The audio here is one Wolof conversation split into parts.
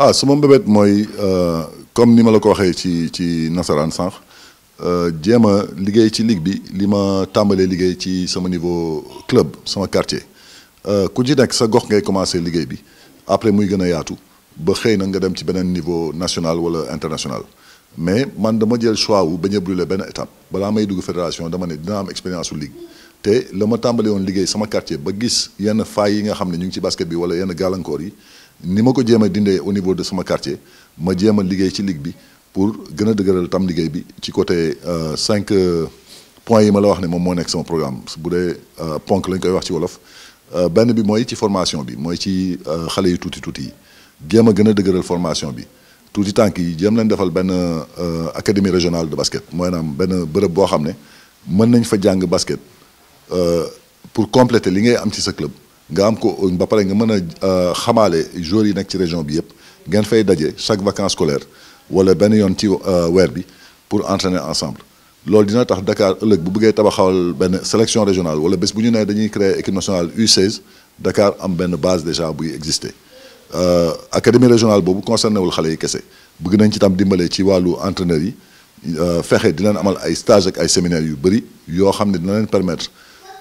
ah sama mbébét mooy euh, comme ni ma la ko waxee ci ci nasaraan sànq euh, jéem a liggéey ci ligue bi li ma tàmbalee liggéey ci sama niveau club sama quartier euh, ku ci nekk sa gox ngay commencé liggéey bi après muy gën a yaatu ba xëy na nga dem ci beneen niveau national wala international mais man dama jël choix wu bañ a brûler benn étape balaa may dugg fédération dama ne dina am expérience su te la ma tàmbalee woon liggéey sama quartier ba gis yenn failles yi nga xam ne ñu ngi ci basket bi wala yenn gàllankoor yi. ni ma ko jéem a dindee au niveau de sama quartier ma jéema a liggéey ci ligue bi pour gën a dëgëral tam liggéey bi ci côté euh, cinq euh, points yi ma la wax ne moom moo nekk sama programme bu dee euh, ponk lañ koy wax ci wolof benn bi mooy ci formation bi mooy ci xale yu tuuti tuuti yi jéem a gën a dëgëral formation bi tuuti tànk yi jéem leen defal benn académie régionale de basket mooy naam benn bërëb boo xam ne mën nañ fa jàng basket pour compléter li ngay am ci sa nga am ko ba pare nga mën a euh, xamaale joueurs yi nekk ci région bi yëpp ngeen fay daje chaque vacances scolaires wala benn yoon ci euh, weer bi pour entraîner ensemble loolu dina tax Dakar ëllëg bu bëggee tabaxawal benn sélection régionale wala bés bu ñu nee dañuy créer équipe nationale U16 Dakar am benn base déjà buy exister euh, académie régionale boobu concerné wul xale yi kese bugg nañ ci tam dimbalee ci wàllu entraîneurs yi fexe dinañ amal ay stage ay séminaires yu bëri yoo xam ne dina leen permettre.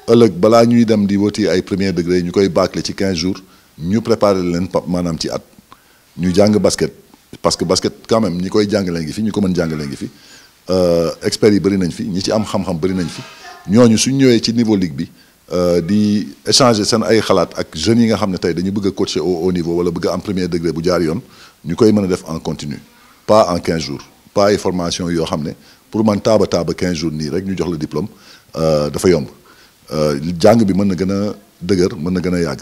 ëllëg balaa ñuy dem di woti ay premier degré ñu koy bâcler ci 15 jours ñu préparer leen pap maanaam ci at ñu jàng basket parce que basket quand même ñi koy jàngalee ngi fi ñu ko mën jàngalee ngi fi euh, experts yi bëri nañ fi ñi ci am xam-xam bëri nañ fi ñooñu suñ ñëwee ci niveau ligue bi euh, di échanger seen ay xalaat ak jeunes yi nga xam ne tey dañu bëgg a au haut niveau wala bëgg a am premier degré bu jaar yoon ñu koy mën a def en continu pas en quinze jours pas formation yoo ne pour man taaba taaba 15 jours nii rek ñu jox la diplôme euh, dafa yomb. Euh, jàng bi mën na gën a dëgër mën na gën a yàgg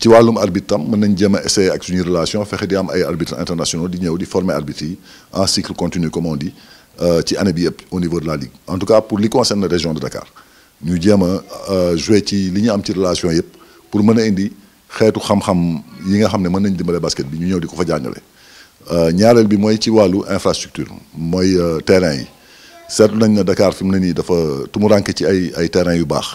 ci wàllum arbitre tam mën nañ jéem a ak suñuy relation fexe di am ay arbitres internationaux di ñëw di former arbitres yi en cycle continu comme on dit euh, ci année bi yëpp au niveau de la ligue en tout cas pour li concerne région de Dakar ñu jéem a euh, jouer ci li ñu am ci relation yëpp pour mën a indi xeetu xam-xam yi nga xam ne mën nañ dimbale basket bi ñu ñëw di ko fa jàngale ñaareel bi mooy ci wàllu infrastructure mooy terrain yi seetlu nañ na dakaar fi mu ne nii dafa tumuranke ci ay ay terrain yu baax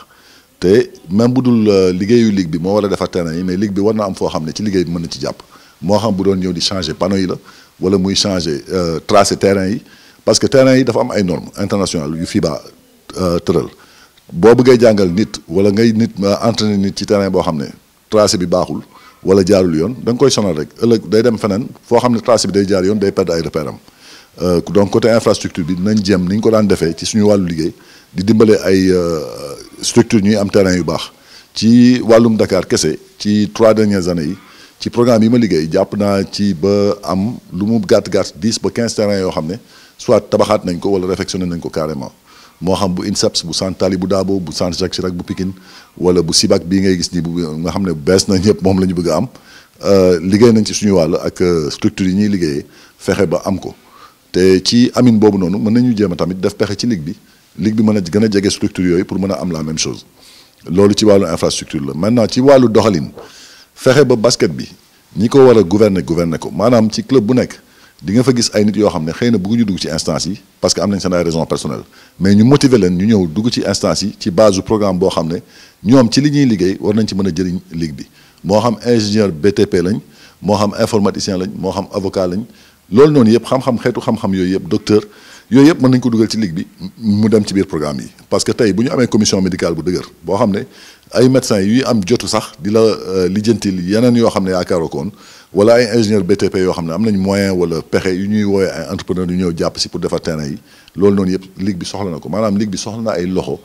te même bu dul euh, liggéeyu ligue bi moo war a defar terrain yi mais ligue bi war na am foo xam ne ci liggéey bi mën na ci jàpp moo xam bu doon ñëw di changer panneau yi la wala muy changer euh, tracé terrain yi parce que terrain yi dafa am ay normes internationales yu FIBA euh, tëral boo bëggee jàngal nit wala ngay nit entraîner nit ci terrain boo xam ne tracé bi baaxul wala jaarul yoon da koy sonal rek ëllëg day dem feneen foo xam ne tracé bi day jaar yoon day perdre ay repère Euh, donc côté infrastructure bi dinañ jéem niñ ko daan defee ci suñu wàllu liggéey di dimbale ay euh, structure ñuy am terrain yu baax ci wàllum Dakar kese ci trois dernières années yi ci programme yi ma liggéey jàpp naa ci ba am lu mu gàtt gàtt dix ba quinze terrain yoo xam ne soit tabaxaat nañ ko wala réfectionné nañ ko carrément moo xam bu INSEPS bu sant Tali bu Daabo bu sant Jacques Chirac bu Pikine wala bu Sibac bii ngay gis ni bu nga xam ne bees na ñëpp moom la ñu bëgg a am euh, liggéey nañ ci suñu wàll ak structure yi ñuy liggéeyee fexe ba am ko te ci amine boobu noonu mën nañu jéem tamit def pexe ci ligue bi ligue bi mën a gën a jege structure yooyu pour mën a am la même chose loolu ci wàllu infrastructure la maintenant ci wàllu doxalin fexe ba basket bi ñi ko war a gouverner gouverner ko maanaam ci club bu nekk di nga fa gis ay nit yoo xam ne xëy na bëgguñu dugg ci instance yi parce que am nañ seen ay raison personnelle mais ñu motiver leen ñu ñëw dugg ci instance yi ci base du programme boo xam ne ñoom ci li ñuy liggéey war nañ ci mën a jëriñ ligue bi moo xam ingénieur BTP lañ moo xam informaticien lañ moo xam avocat lañ loolu noonu yëpp xam-xam xeetu xam-xam yooyu yëpp docteur yooyu yëpp mën nañu ko dugal ci ligue bi mu dem ci biir programme yi parce que tey bu ñu amee commission médicale bu dëgër boo xam ne ay médecins yuy am jotu sax di la euh, lijjantil yeneen yoo xam ne yaakaaroo koon wala ay ingénieur BTP yoo xam ne am nañ moyen wala pexe yu ñuy woowee ay entrepreneur yu ñëw jàpp si pour defar terrain yi loolu noonu yëpp ligue bi soxla na ko maanaam ligue bi soxla na ay loxo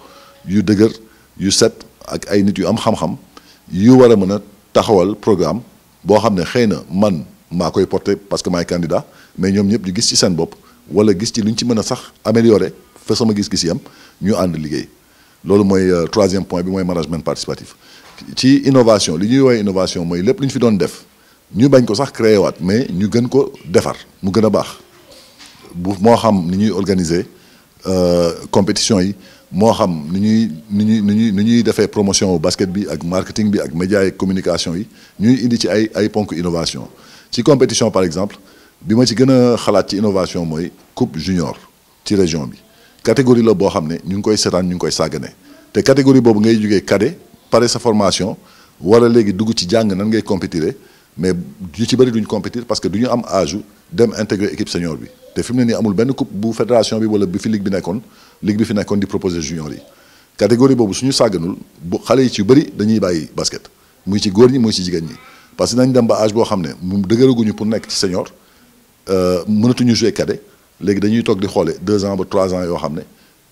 yu dëgër yu set ak ay nit yu am xam-xam war a mën a taxawal programme boo xam ne xëy na man. maa koy porté parce que maay candidat mais ñoom ñëpp ñu gis ci seen bopp wala gis ci lu ñu ci mën a sax améliorer fa sama gis-gis yam ñu ànd liggéey loolu mooy euh, troisième point bi mooy management participatif ci innovation li ñuy woowee innovation mooy lépp lu ñu fi doon def ñu bañ ko sax créé waat mais ñu gën ko defar mu gën a baax bu moo xam ni ñuy organiser euh, compétition yi moo xam ni ñuy ni ñuy ni ñuy ni ñuy defee promotion basket bi ak marketing bi ak média yi communication yi ñuy indi ci ay ay ponk innovation ci compétition par exemple bi ma ci gën a xalaat ci innovation mooy coup junior ci région bi catégorie la boo xam ne ñu ngi koy seetaan ñu ngi koy sàggane te catégorie boobu ngay jógee cadet pare sa formation war léegi dugg ci jàng nan ngay compétiré mais ñu ci bari duñu compétir parce que du am âge dem intégrer équipe senior bi te fi mu ne nii amul benn coup bu fédération bi wala bi fi ligue bi nekkoon ligue bi fi nekkoon di proposer junior yi catégorie boobu suñu sàgganul bu xale yi ci bëri dañuy bàyyi basket muy ci góor ñi muy ci jigéen ñi parce que nañ dem ba age boo xam ne mu dëgëraguñu pour nekk ci senior euh, mënatuñu jouer cadet léegi dañuy toog di xoole deux ans ba trois ans yoo xam ne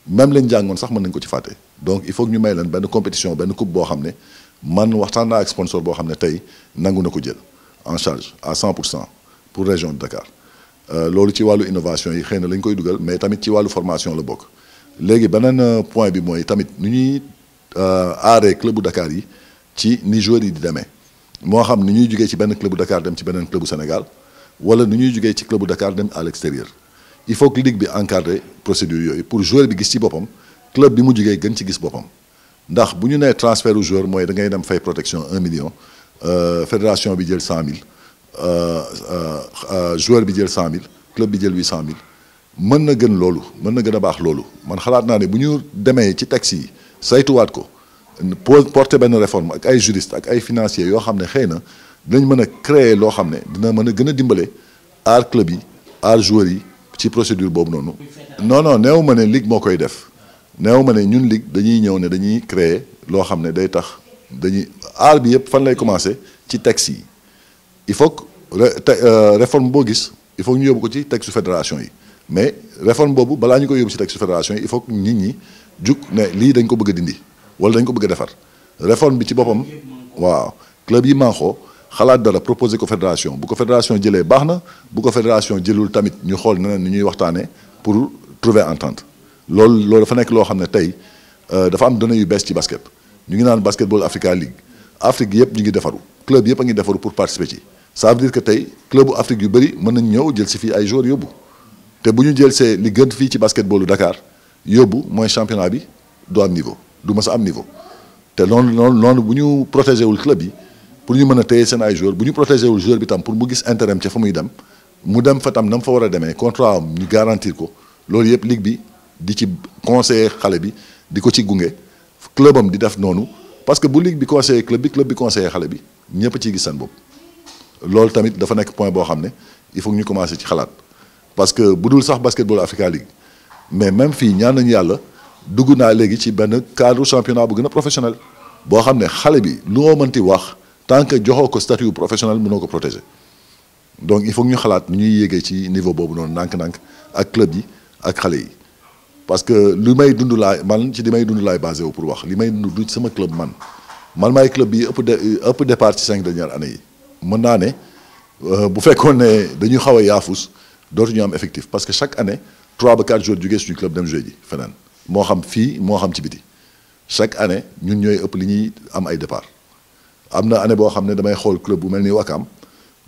même leen jàngoon sax mën nañ ko ci fàtte donc il faut que ñu may leen benn compétition benn coupe boo xam ne man waxtaan naa ak sponsor boo xam ne tey nangu na ko jël en charge à 100 pour cent pour région de Dakar euh, loolu ci wàllu innovation yi xëy na lañ koy dugal mais tamit ci wàllu formation la bokk léegi beneen euh, point bi mooy tamit nu ñuy aaree club bu Dakar yi ci ni joueurs yi di demee. moo xam ni ñuy jugee ci benn club bu Dakar dem ci beneen club bu Sénégal wala ni ñuy jugee ci club bu Dakar dem à l'extérieur il faut que ligue bi encadre procédure yooyu pour joueur bi gis ci boppam club bi mu jugee gën ci gis boppam ndax bu ñu nee transfert u joueur mooy dangay dem fay protection 1 million euh, fédération bi jël 100000 euh, euh, joueur bi jël 100000 club bi jël 800000 mën na gën loolu mën na gën a baax loolu man xalaat naa ne bu ñu demee ci taxi yi saytuwaat ko. pose porter benn réforme ak ay juriste ak ay financiers yoo xam ne xëy na dinañ mën a créer loo xam ne dina mën a gën a dimbale aar club yi aar joueurs yi ci procédure boobu noonu. non non ma ne ligue moo koy def néew ma ne ñun ligue dañuy ñëw ne dañuy créer loo xam ne day tax dañuy aar bi yëpp fan lay commencer ci texte yi il faut que euh, réforme boo gis il faut ñu yóbbu ko ci texte fédération yi mais réforme boobu balaa ñu koy yóbbu ci texte fédération yi il faut nit ñi jug ne lii dañ ko bëgg a dindi. wala dañ ko bëgg a defar réforme bi ci boppam waaw club yi manko xalaat dara proposé ko fédération bu ko fédération jëlee baax na bu ko fédération jëlul tamit ñu xool neneen ni ñuy waxtaane pour trouver entente loolu loolu dafa nekk loo xam ne tey euh, dafa am données yu bees ci basket ñu ngi naan basketball Africa League Afrique yëpp ñu ngi defaru club yëpp a ngi defaru pour participer ci ça veut dire que tey club Afrique yu bëri mën nañ ñëw jël si fii ay joueurs yóbbu te bu ñu jël see li gën fii ci basketballu Dakar yóbbu mooy championnat bi du am niveau du ma sa am niveau te noonu noonu noonu bu ñu protégé wul club yi pour ñu mën a teye seen ay joueurs bu ñu protégé wul joueur bi tam pour mu gis intérêt am ca fa muy dem mu dem fa tam na mu fa war a demee contrat am ñu garantir ko loolu yëpp ligue bi di ci conseiller xale bi di ko ci gunge club am di def noonu parce que bu ligue bi conseiller club bi club bi conseiller xale bi ñëpp ciy gis seen bopp loolu tamit dafa nekk point boo xam ne il faut ñu commencer ci xalaat parce que bu dul sax basketball Africa League mais même fii ñaan nañu yàlla. dugg naa léegi ci benn cadre championnat bu gën a professionnel boo xam ne xale bi lu moo mënti wax tant que joxoo ko statut professionnel mënoo ko protégé donc il faut ñu xalaat nu ñuy yéegee ci niveau boobu noonu nànk-nànk ak club yi ak xale yi parce que lu may dundu laay man ci li may dund laay basé wu pour wax li may dund du sama club man man maay club bi ëpp de ëpp départ ci cinq dernières année yi mën naa ne euh, bu fekkoon ne dañu xaw a yaafus dootuñu am effectif parce que chaque année trois ba quatre feneen moo xam fii moo xam ci biti chaque année ñun ñooy ëpp li ñuy am ay départ am na année boo xam ne damay xool club bu mel ni Wakam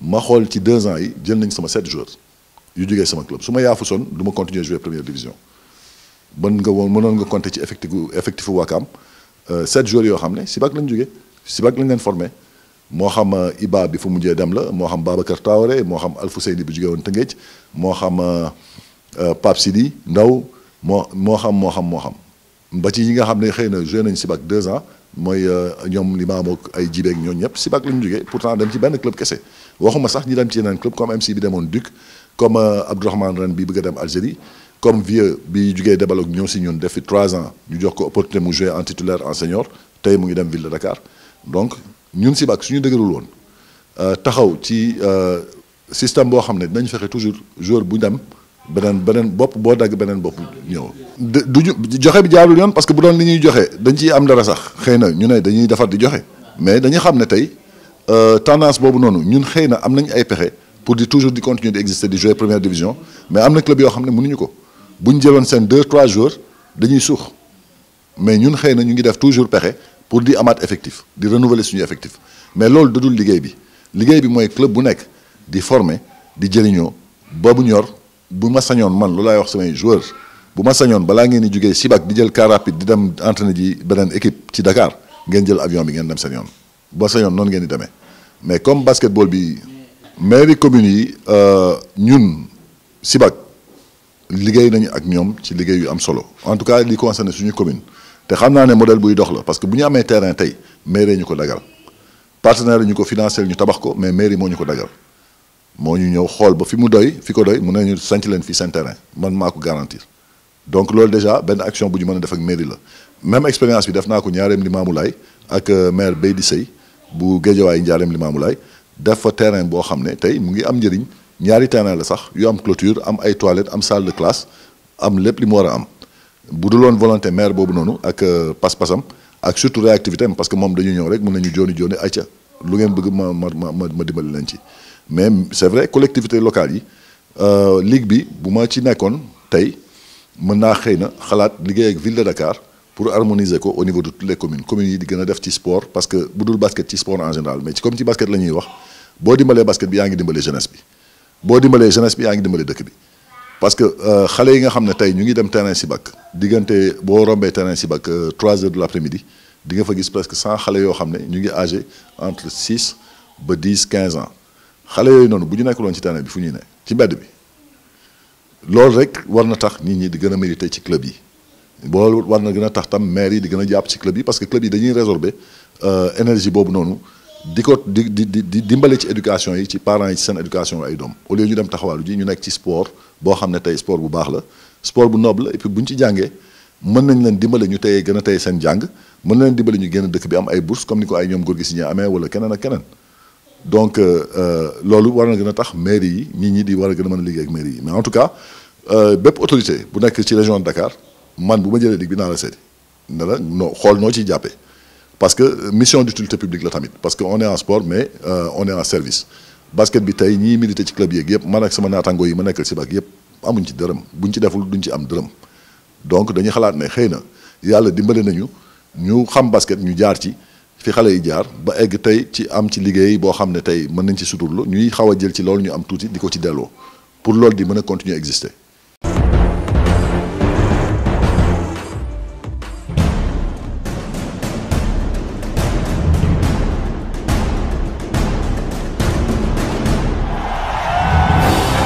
ma xool ci deux ans yi jël nañ sama sept joueurs yu jógee sama club su ma yaafu son du ma continuer jouer première division mën nga woon mënoon nga compter ci effectif effectifu Wakam euh, set joueurs yoo xam ne Sibac lañ jógee Sibac la ngeen formé moo xam euh, Iba bi fu mujjee dem la moo xam Babacar Traoré moo xam Alfousseyni bi jógee woon Tëngéej moo xam euh, Pape Sidi Ndaw moo moo xam moo xam moo xam ba ci ñi nga xam ne xëy na joué nañ Sibac deux ans mooy euh, ñoom li ma am ak ay jibeeg ñooñu ñëpp Sibac la jugee jógee pourtant dem ci benn club kese waxuma sax ñi dem ci yeneen club comme MC bi demoon Duc comme euh, Abdourahmane Ren bi bëgg a dem Algérie comme vieux bi jugee débaloog ñëw si ñun def fi trois ans ñu jox ko opportunité mu joué en titulaire en senior tey mu ngi dem ville de Dakar donc ñun Sibac suñu dëgërul woon euh, taxaw ci système boo xam ne dinañ fexe toujours joueur bu dem. beneen beneen bopp boo dagg beneen bopp ñëw du ñu joxe bi jaarul yoon parce que bu doon li ñuy joxe dañ ciy am dara sax xëy na ñu ne dañuy defar di joxe mais dañu xam ne tey euh, tendance boobu noonu ñun xëy na am nañ ay pexe pour di toujours di continuer di exister di jouer première division mais am na club yoo xam ne ñu ko bu ñu jëloon seen deux trois jours dañuy suux mais ñun xëy na ñu ngi def toujours pexe pour di amaat effectif di renouveler suñu effectif mais loolu dudul liggéey bi liggéey bi mooy club bu nekk di former di jëriñoo boobu ñor. bu ma sañoon man lu lay wax samay joueur bu ma sañoon balaa ngeen di jógee Sibac di jël car rapide di dem entraîné ji beneen équipe ci Dakar ngeen jël avion bi ngeen dem sañoon bu ma sañoon noonu ngeen di demee mais comme basketball bi mairie communes yi euh, ñun Sibac liggéey nañu ak ñoom ci liggéey yu am solo en tout cas li concerne suñu commune te xam naa ne modèle buy dox la parce que bu ñu amee terrain tey mairie ñu ko dagal partenaire ñu ko financé ñu tabax ko mais mairie moo ñu ko dagal moo ñu ñëw xool ba fi mu doy fi ko doy mun nañu sanc leen fii seen terrain man maa ko garantir donc loolu déjà benn action bu ñu mën a def ak mairie la même expérience bi def naa ko ñaareem Limaamu Laay ak euh, maire di Sey bu Géejawaay ñaareem Limaamu Laay def fa terrain boo xam ne tey mu ngi am njëriñ ñaari terrain la sax yu am clôture am ay toilettes am salle de classe am lépp li mu war a am bu dul woon volonté maire boobu noonu ak euh, pas-pasam ak surtout réactivité am parce que moom dañu ñëw rek mun nañu jooni jooni acca lu ngeen bëgg ma ma ma ma dimbali leen ci. mais c'est vrai collectivité locale yi euh, ligue bi bu ma ci nekkoon tey mën naa xëy na xalaat liggéey ak ville de Dakar pour harmoniser ko au niveau de toutes les communes communes yi di gën a def ci sport parce que bu dul basket ci sport en général mais ci comme ci basket la ñuy wax boo dimbalee basket bi yaa ngi dimbalee jeunesse bi boo dimbalee jeunesse bi yaa ngi dimbalee dëkk bi parce que euh, xale yi nga xam ne tey ñu ngi dem terrain si Sibac diggante boo rombee terrain Sibac 3 euh, heures de l'après-midi di nga fa gis presque 100 xale yoo xam ne ñu ngi âgé entre 6 ba 10 15 ans. xale yooyu noonu bu ñu nekkul woon ci terrain bi fu ñuy ne ci mbedd bi loolu rek war na tax nit ñi di gën a mérité ci club yi loolu war na gën a tax tam maire yi di gën a jàpp ci club yi parce que club yi dañuy résorber euh, boobu noonu di ko di di di ci éducation yi ci parents yi seen éducation ay doom au lieu ñu dem taxawaalu ji ñu nekk ci sport boo xam ne tey sport bu baax la sport bu noble la et puis bu ñu ci jàngee mën nañ leen dimbale ñu tey gën a tey seen jàng mën na leen dimbale ñu génn dëkk bi am ay bourse comme ni ko ay ñoom amee wala keneen ak keneen donc euh, euh, loolu war na gën a tax mairie yi nit ñii di war a gën a mën a liggéey ak mairie yi mais en tout cas euh, bépp autorité bu nekk ci région de Dakar man bu ma jëlee dig bi naa la seeti ne xool noo ciy jàppe parce que mission d'utilité publique la tamit parce que on est en sport mais on est en service basket bi tey ñii milité ci club yeeg yëpp man ak sama naataango yi ma nekkal si baak yëpp amuñ ci dërëm buñ ci deful duñ ci am dërëm donc dañuy xalaat ne xëy na yàlla dimbale nañu ñu xam basket ñu jaar ci fi xale yi jaar ba egg tey ci am ci liggéey boo xam ne tey mën nañ ci suturlu ñuy xaw a jël ci loolu ñu am tuuti di ko ci delloo pour lool di mën a continuer exister